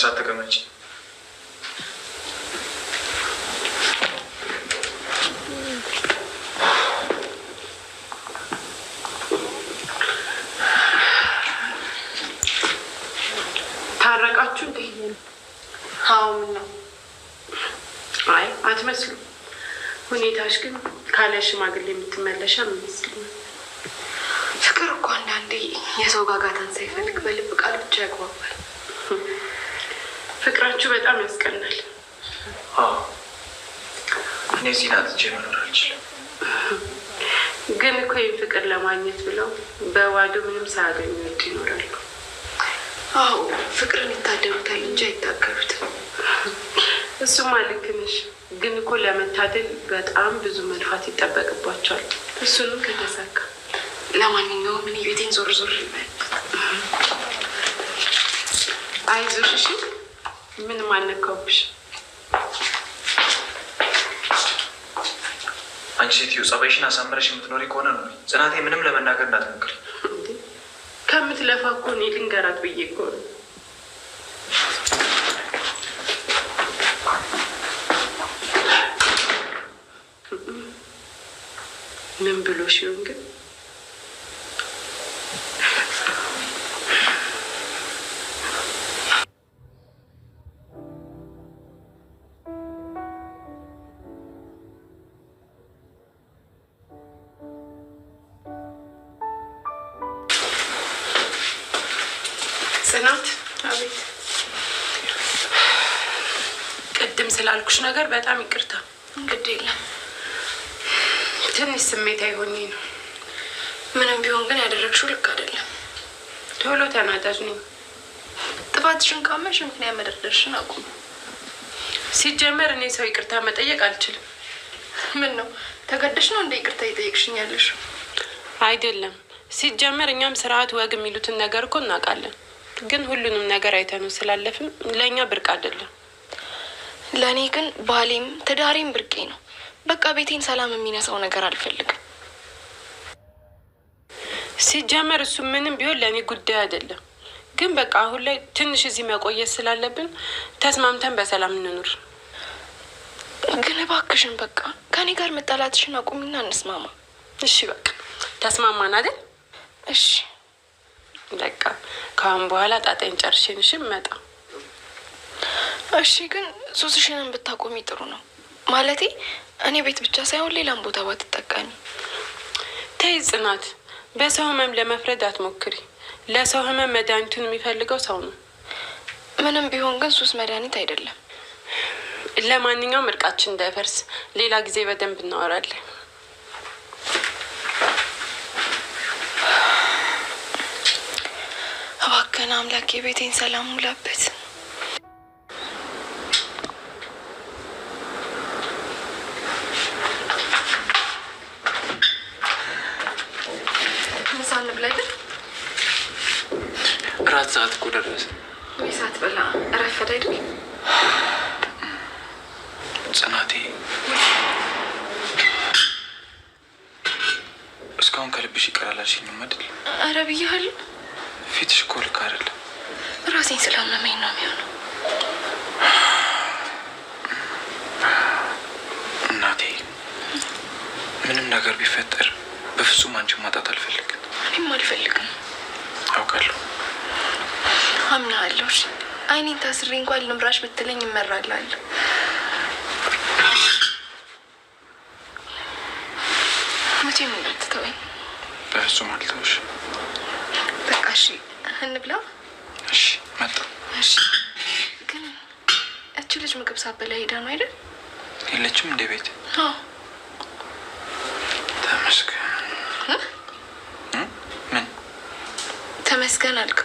ስርዓት ተቀመጭ። ታረቃችሁ? ነው። አይ አትመስሉም። ሁኔታዎች ግን ካለ ሽማግሌ የምትመለሻ የሚመስል ፍቅር እኮ አንዳንዴ የሰው ጋጋታን ሳይፈልግ በልብ ቃል ብቻ ያግባባል። ፍቅራችሁ በጣም ያስቀናል። እኔ እዚህ ናጥቼ መኖር አልችልም። ግን እኮ ይህን ፍቅር ለማግኘት ብለው በዋዶ ምንም ሳያገኙ ወድ ይኖራሉ። አዎ ፍቅርን ይታደሉታል እንጂ አይታገሉትም። እሱማ ልክ ነሽ። ግን እኮ ለመታደል በጣም ብዙ መልፋት ይጠበቅባቸዋል። እሱንም ከተሳካ ለማንኛውም እኔ ቤቴን ዞር ዞር ይመል አይዞሽ። እሺ ምንም አልነካውብሽ። አንቺ ሴትዮ ጸባይሽን አሳምረሽ የምትኖሪ ከሆነ ነው። ጽናቴ ምንም ለመናገር እንዳትሞክሪ። ከምትለፋ እኮ እኔ ልንገራት ብዬ እኮ ነው። ምን ብሎ ሲሆን ግን ላደረግኩሽ ነገር በጣም ይቅርታ። ግድ የለም ትንሽ ስሜት አይሆኝ ነው። ምንም ቢሆን ግን ያደረግሽው ልክ አይደለም። ቶሎ ተናጠዝኝ። ጥፋትሽን ካመንሽ ምክንያት መደርደርሽን አቁም። ሲጀመር እኔ ሰው ይቅርታ መጠየቅ አልችልም። ምን ነው ተገደሽ ነው እንደ ይቅርታ ይጠየቅሽኛለሽ? አይደለም ሲጀመር እኛም ስርዓት ወግ የሚሉትን ነገር እኮ እናውቃለን። ግን ሁሉንም ነገር አይተነው ስላለፍም ለእኛ ብርቅ አይደለም። ለእኔ ግን ባሌም ትዳሬም ብርቄ ነው። በቃ ቤቴን ሰላም የሚነሳው ነገር አልፈልግም። ሲጀመር እሱ ምንም ቢሆን ለእኔ ጉዳይ አይደለም። ግን በቃ አሁን ላይ ትንሽ እዚህ መቆየት ስላለብን ተስማምተን በሰላም እንኑር። ግን እባክሽን በቃ ከኔ ጋር መጣላትሽን አቁሚና እንስማማ። እሺ በቃ ተስማማን አይደል? እሺ በቃ ከአሁን በኋላ ጣጣይን ጨርሼን መጣ። እሺ፣ ግን ሱስሽንን ብታቆሚ ጥሩ ነው። ማለቴ እኔ ቤት ብቻ ሳይሆን ሌላም ቦታ ባትጠቀሚ። ተይ ጽናት፣ በሰው ህመም ለመፍረድ አትሞክሪ። ለሰው ህመም መድኃኒቱን የሚፈልገው ሰው ነው። ምንም ቢሆን ግን ሱስ መድኃኒት አይደለም። ለማንኛውም እርቃችን እንዳይፈርስ ሌላ ጊዜ በደንብ እናወራለን። እባክህን አምላኬ ቤቴን ሰላም ሙላበት። እራት ሰዓት እኮ ደረሰ። ሰዓት በላ ረፈደ አይደል? ጽናቴ እስካሁን ከልብሽ ይቀራል አልሽኝም አይደል? ኧረ ብያለሁ። ፊትሽ እኮ ልክ አይደለም። ራሴን ስላመመኝ ነው የሚሆነው። እናቴ ምንም ነገር ቢፈጠር በፍጹም አንቺን ማጣት አልፈልግም። እኔም አልፈልግም። አውቃለሁ። አምናለሁ። እሺ አይኔን ታስሬ እንኳን ልምራሽ ብትለኝ እመራላለሁ። መቼም እንዳትተወኝ። በፍጹም አልተውሽ። በቃ እሺ፣ እንብላ። እሺ፣ መጣ። እሺ፣ ግን እች ልጅ ምግብ ሳበላ ሄዳ ነው አይደል? የለችም እንደ ቤት ተመስገን ምን ተመስገን አልክ?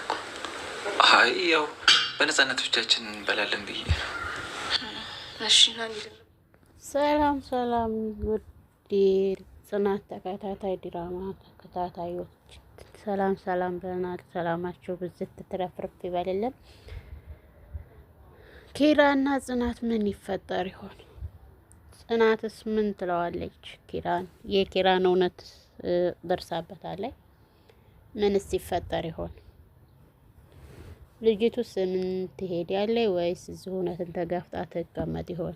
አይ ያው በነፃነቶቻችን እንበላለን ብዬ ሰላም ሰላም፣ ውድ ጽናት ተከታታይ ድራማ ተከታታዮች ሰላም ሰላም ብለናል። ሰላማችሁ ብዝት ትረፍርፍ ይበልልን። ኪራና ጽናት ምን ይፈጠር ይሆን? ጽናትስ ምን ትለዋለች? ኪራን የኪራን እውነት ደርሳበታለች። ምንስ ይፈጠር ይሆን? ልጅቱ ስምን ትሄድ ያለ ወይስ እዚህ እውነትን ተጋፍጣ ትቀመጥ ይሆን?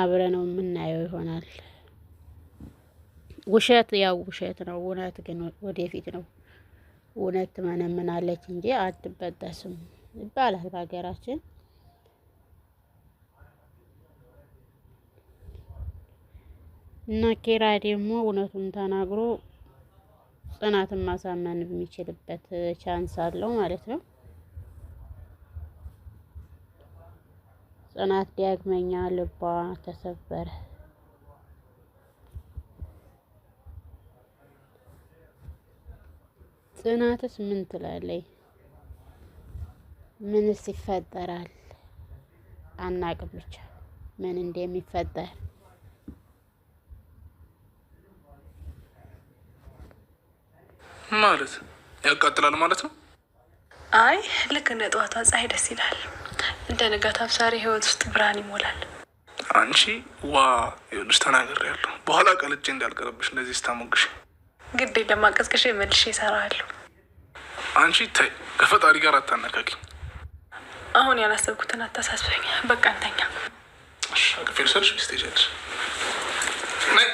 አብረ ነው የምናየው ይሆናል። ውሸት ያው ውሸት ነው፣ እውነት ግን ወደፊት ነው። እውነት ትመነምናለች እንጂ አትበጠስም ይባላል በሀገራችን። እና ኬራ ደግሞ እውነቱን ተናግሮ ጽናትን ማሳመን የሚችልበት ቻንስ አለው ማለት ነው። ጽናት ዳግመኛ ልቧ ተሰበረ። ጽናትስ ምን ትላለች? ምንስ ይፈጠራል? አናቅም ብቻ ምን እንደሚፈጠር ማለት ያቃጥላል ማለት ነው። አይ ልክ እንደ ጠዋቷ ፀሐይ ደስ ይላል፣ እንደ ንጋት አብሳሪ ህይወት ውስጥ ብርሃን ይሞላል። አንቺ ዋ ይኸውልሽ፣ ያለሁ በኋላ ቀልጄ እንዳልቀረብሽ እንደዚህ ስታሞግሽ ግዴ ለማቀዝቀሽ መልሽ እሰራለሁ። አንቺ ታይ ከፈጣሪ ጋር አታነካኪ። አሁን ያላሰብኩትን አታሳስበኝ። በቃ እንተኛ። እሺ ስቴጅ ነይ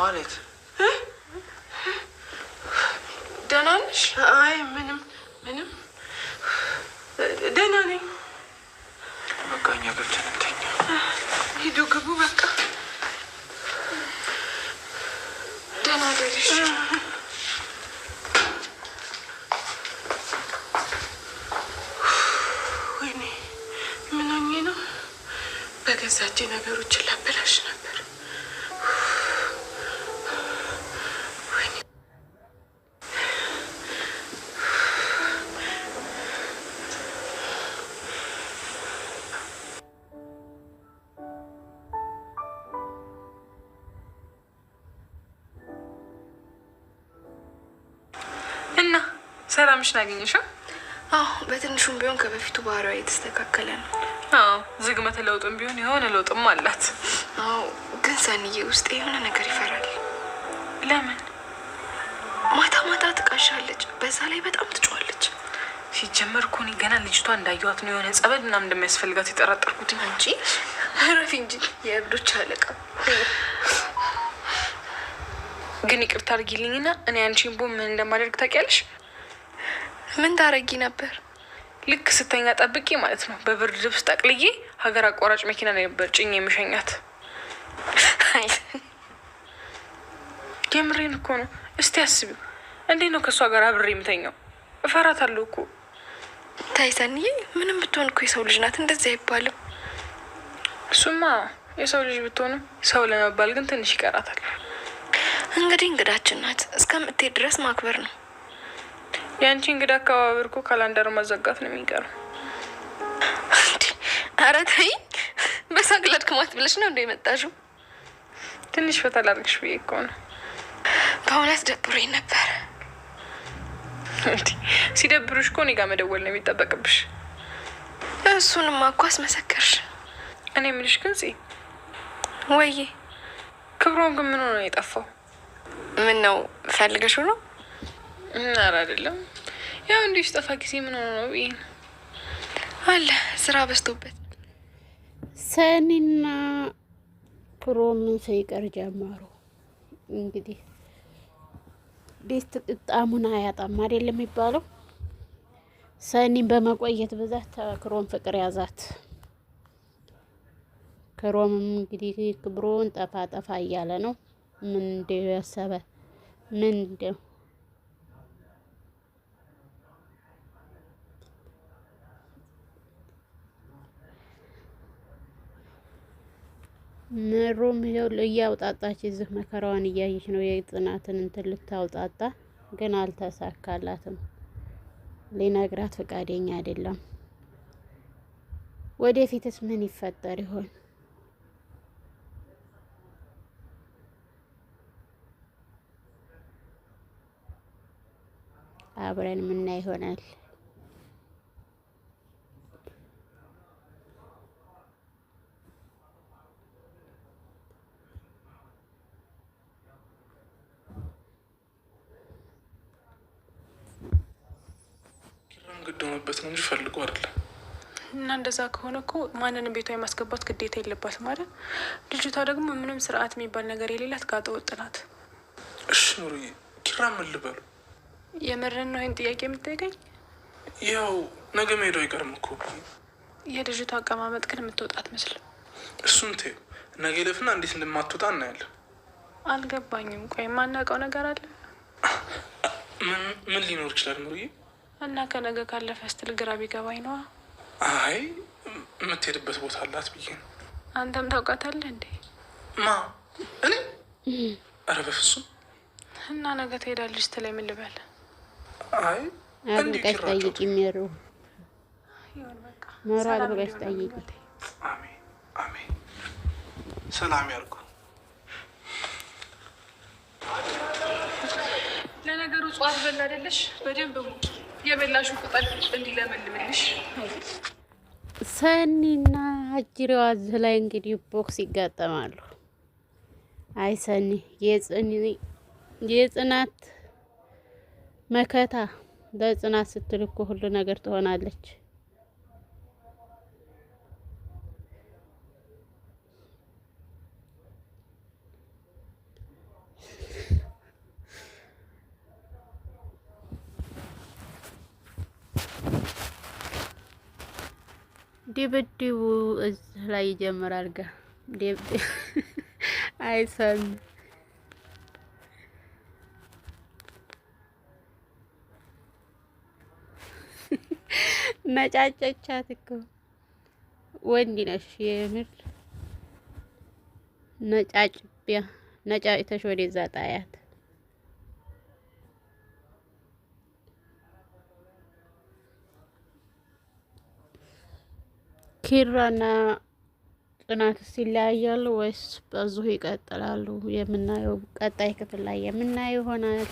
ማለት ደህና ነሽ? አይ ምንም ምንም ደህና ነኝ። በቃ እኛ ገብተን እንተኛ። ሂዱ ግቡ። በቃ ደህና ደርሽ ወይኔ ምን ሆኜ ነው በገዛቼ ነገሮችን ላ ሰላምሽን አገኘሽው? አዎ፣ በትንሹም ቢሆን ከበፊቱ ባህሪዋ የተስተካከለ ነው። አዎ፣ ዝግመተ ለውጥም ቢሆን የሆነ ለውጥም አላት። አዎ፣ ግን ሰንዬ ውስጥ የሆነ ነገር ይፈራል። ለምን? ማታ ማታ ትቃሻለች፣ በዛ ላይ በጣም ትጮዋለች። ሲጀመር እኮ እኔ ገና ልጅቷ እንዳየዋት ነው የሆነ ጸበል ምናምን እንደሚያስፈልጋት የጠራጠርኩት እንጂ ረፊ እንጂ የእብዶች አለቃ ግን ይቅርታ አድርጊልኝና እኔ አንቺን ቦ ምን እንደማደርግ ታውቂያለሽ? ምን ታረጊ ነበር? ልክ ስተኛ ጠብቄ ማለት ነው። በብርድ ልብስ ጠቅልዬ ሀገር አቋራጭ መኪና ላይ ነበር ጭኝ የሚሸኛት። የምሬን እኮ ነው። እስቲ አስቢ፣ እንዴት ነው ከእሷ ጋር አብሬ የምተኛው? እፈራታለሁ እኮ ታይሰንዬ። ምንም ብትሆን እኮ የሰው ልጅ ናት፣ እንደዚህ አይባልም። እሱማ የሰው ልጅ ብትሆንም ሰው ለመባል ግን ትንሽ ይቀራታል። እንግዲህ እንግዳችን ናት፣ እስከምትሄድ ድረስ ማክበር ነው። የአንቺ እንግዲህ አካባቢ እኮ ካላንደር መዘጋት ነው የሚቀረው። ኧረ ተይ፣ በሳቅ ላድክማት ብለሽ ነው እንደ የመጣሽው? ትንሽ ፈታ ላድርግሽ ብዬ እኮ ነው። በእውነት ደብሮኝ ነበር። ሲደብሩሽ እኮ እኔ ጋ መደወል ነው የሚጠበቅብሽ። እሱንማ እኮ አስመሰከርሽ። እኔ የምልሽ ግን ወይ ክብሮን ግን ምን ሆነ የጠፋው? ምን ነው ፈልገሽው ነው? እናር አይደለም ያው እንዲሁ ሲጠፋ ጊዜ ምን ሆኖ ነው ብዬ አለ ስራ በዝቶበት ሰኒና ፕሮምን ሳይቀር ጀመሩ። እንግዲህ ቤት ጣሙን አያጣም አይደለም የሚባለው። ሰኒን በመቆየት ብዛት ተክሮም ፍቅር ያዛት። ክሮምም እንግዲህ ክብሮን ጠፋ ጠፋ እያለ ነው። ምን እንደው ያሰበ ምን እንደው ምሩም ይኸው እያውጣጣች እዚህ መከራዋን እያየች ነው። የጽናትን እንትን ልታውጣጣ ግን አልተሳካላትም። ሊነግራት ፈቃደኛ አይደለም። ወደፊትስ ምን ይፈጠር ይሆን? አብረን ምና ይሆናል። ግድ ነው እንጂ ፈልጎ አይደለም። እና እንደዛ ከሆነ እኮ ማንንም ቤቷ የማስገባት ግዴታ የለባትም አይደል? ልጅቷ ደግሞ ምንም ስርዓት የሚባል ነገር የሌላት ጋጠ ወጥ ናት። እሺ ኑርዬ፣ ኪራ ምን ልበሉ? የምርን ነው ይህን ጥያቄ የምታይገኝ? ያው ነገ መሄዱ አይቀርም እኮ የልጅቷ አቀማመጥ ግን የምትወጣ አትመስልም። እሱን ቴ ነገ ይለፍና እንዴት እንደማትወጣ እናያለን። አልገባኝም። ቆይ የማናውቀው ነገር አለ? ምን ሊኖር ይችላል ኑርዬ? እና ከነገ ካለፈ ስትል ግራ ቢገባኝ ነዋ። አይ የምትሄድበት ቦታ አላት ብዬ ነው። አንተም ታውቃታለህ እንዴ? ማ እኔ? ኧረ በፍጹም። እና ነገ ትሄዳለች ስትለኝ ምን ልበል? አይ አብቃሽ ጠይቂ፣ የሚሩ ኖሮ አብቃሽ ጠይቂ። አሜን አሜን። ሰላም ያልኩ ለነገሩ እጽዋት በላ አይደለሽ በደንብ ሙ የበላሹ ቁጠል እንዲለመልምልሽ። ሰኒና አጅሬዋ እዚህ ላይ እንግዲህ ቦክስ ይጋጠማሉ። አይ ሰኒ የጽናት መከታ ለጽናት ስትል እኮ ሁሉ ነገር ትሆናለች። ድብድቡ እዚህ ላይ ይጀምራል። ጋ አይሰም መጫጨቻት እኮ ወንድ ነሽ የምር ነጫጭቢያ ነጫጭተሽ ወደዛ ጣያት ኪራና ጽናት ይለያያሉ ወይስ በዙህ ይቀጥላሉ? የምናየው ቀጣይ ክፍል ላይ የምናየው ይሆናል።